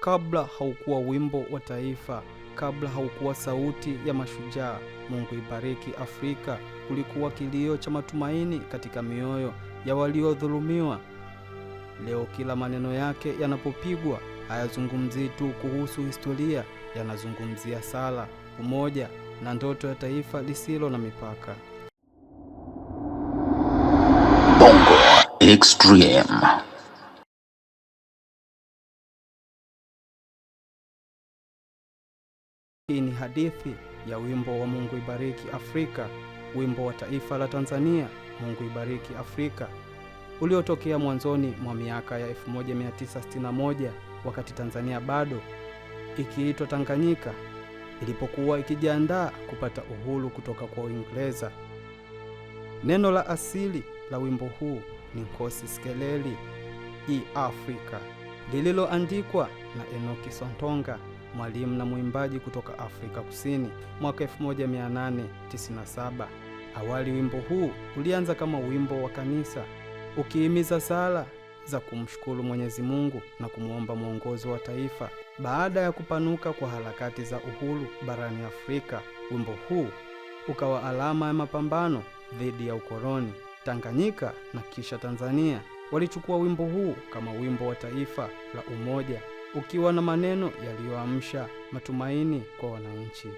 Kabla haukuwa wimbo wa taifa, kabla haukuwa sauti ya mashujaa. Mungu ibariki Afrika, kulikuwa kilio cha matumaini katika mioyo ya waliodhulumiwa. Leo kila maneno yake yanapopigwa hayazungumzii tu kuhusu historia, yanazungumzia sala, umoja na ndoto ya taifa lisilo na mipaka. Bongo Extreme. Hii ni hadithi ya wimbo wa Mungu Ibariki Afrika, wimbo wa taifa la Tanzania, Mungu Ibariki Afrika, uliotokea mwanzoni mwa miaka ya 1961 wakati Tanzania bado ikiitwa Tanganyika, ilipokuwa ikijiandaa kupata uhuru kutoka kwa Uingereza. Neno la asili la wimbo huu ni Nkosi Sikeleli i e Afrika, lililoandikwa na Enoki Sontonga mwalimu na mwimbaji kutoka Afrika Kusini mwaka 1897. Awali wimbo huu ulianza kama wimbo wa kanisa ukihimiza sala za kumshukuru Mwenyezi Mungu na kumwomba mwongozo wa taifa. Baada ya kupanuka kwa harakati za uhuru barani Afrika, wimbo huu ukawa alama ya mapambano dhidi ya ukoloni. Tanganyika na kisha Tanzania walichukua wimbo huu kama wimbo wa taifa la umoja ukiwa na maneno yaliyoamsha matumaini kwa wananchi.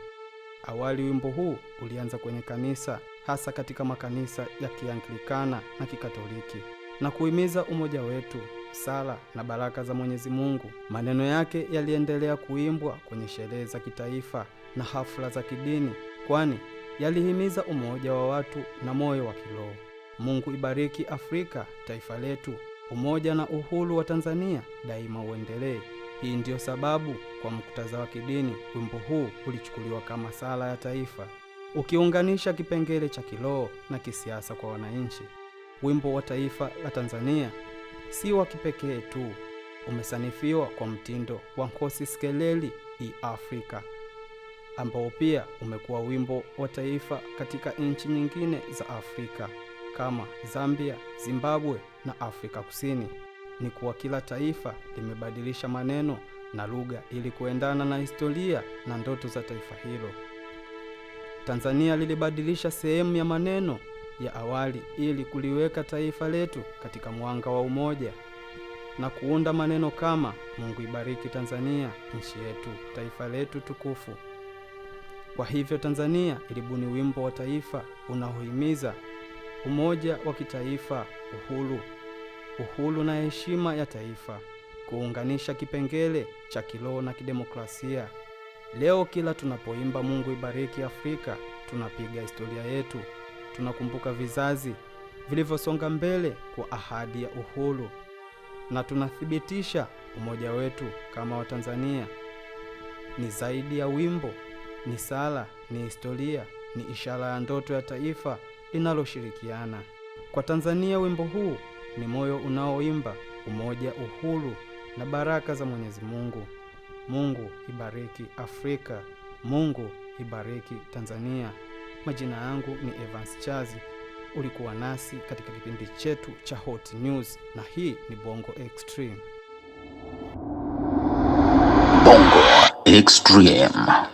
Awali wimbo huu ulianza kwenye kanisa, hasa katika makanisa ya Kianglikana na Kikatoliki, na kuhimiza umoja wetu, sala na baraka za Mwenyezi Mungu. Maneno yake yaliendelea kuimbwa kwenye sherehe za kitaifa na hafla za kidini, kwani yalihimiza umoja wa watu na moyo wa kiroho. Mungu ibariki Afrika, taifa letu. Umoja na uhuru wa Tanzania daima uendelee. Hii ndiyo sababu kwa muktadha wa kidini wimbo huu ulichukuliwa kama sala ya taifa, ukiunganisha kipengele cha kiroho na kisiasa kwa wananchi. Wimbo wa taifa la Tanzania si wa kipekee tu, umesanifiwa kwa mtindo wa Nkosi Sikeleli i Afrika, ambao pia umekuwa wimbo wa taifa katika nchi nyingine za Afrika kama Zambia, Zimbabwe na Afrika Kusini ni kuwa kila taifa limebadilisha maneno na lugha ili kuendana na historia na ndoto za taifa hilo. Tanzania lilibadilisha sehemu ya maneno ya awali ili kuliweka taifa letu katika mwanga wa umoja na kuunda maneno kama Mungu ibariki Tanzania, nchi yetu, taifa letu tukufu. Kwa hivyo, Tanzania ilibuni wimbo wa taifa unaohimiza umoja wa kitaifa, uhuru uhuru na heshima ya taifa, kuunganisha kipengele cha kiroho na kidemokrasia. Leo kila tunapoimba Mungu ibariki Afrika, tunapiga historia yetu, tunakumbuka vizazi vilivyosonga mbele kwa ahadi ya uhuru na tunathibitisha umoja wetu kama Watanzania. Ni zaidi ya wimbo, ni sala, ni historia, ni ishara ya ndoto ya taifa linaloshirikiana. Kwa Tanzania, wimbo huu ni moyo unaoimba umoja, uhuru na baraka za Mwenyezi Mungu. Mungu ibariki Afrika, Mungu ibariki Tanzania. Majina yangu ni Evans Chazi. Ulikuwa nasi katika kipindi chetu cha Hot News na hii ni Bongo Extreme. Bongo Extreme.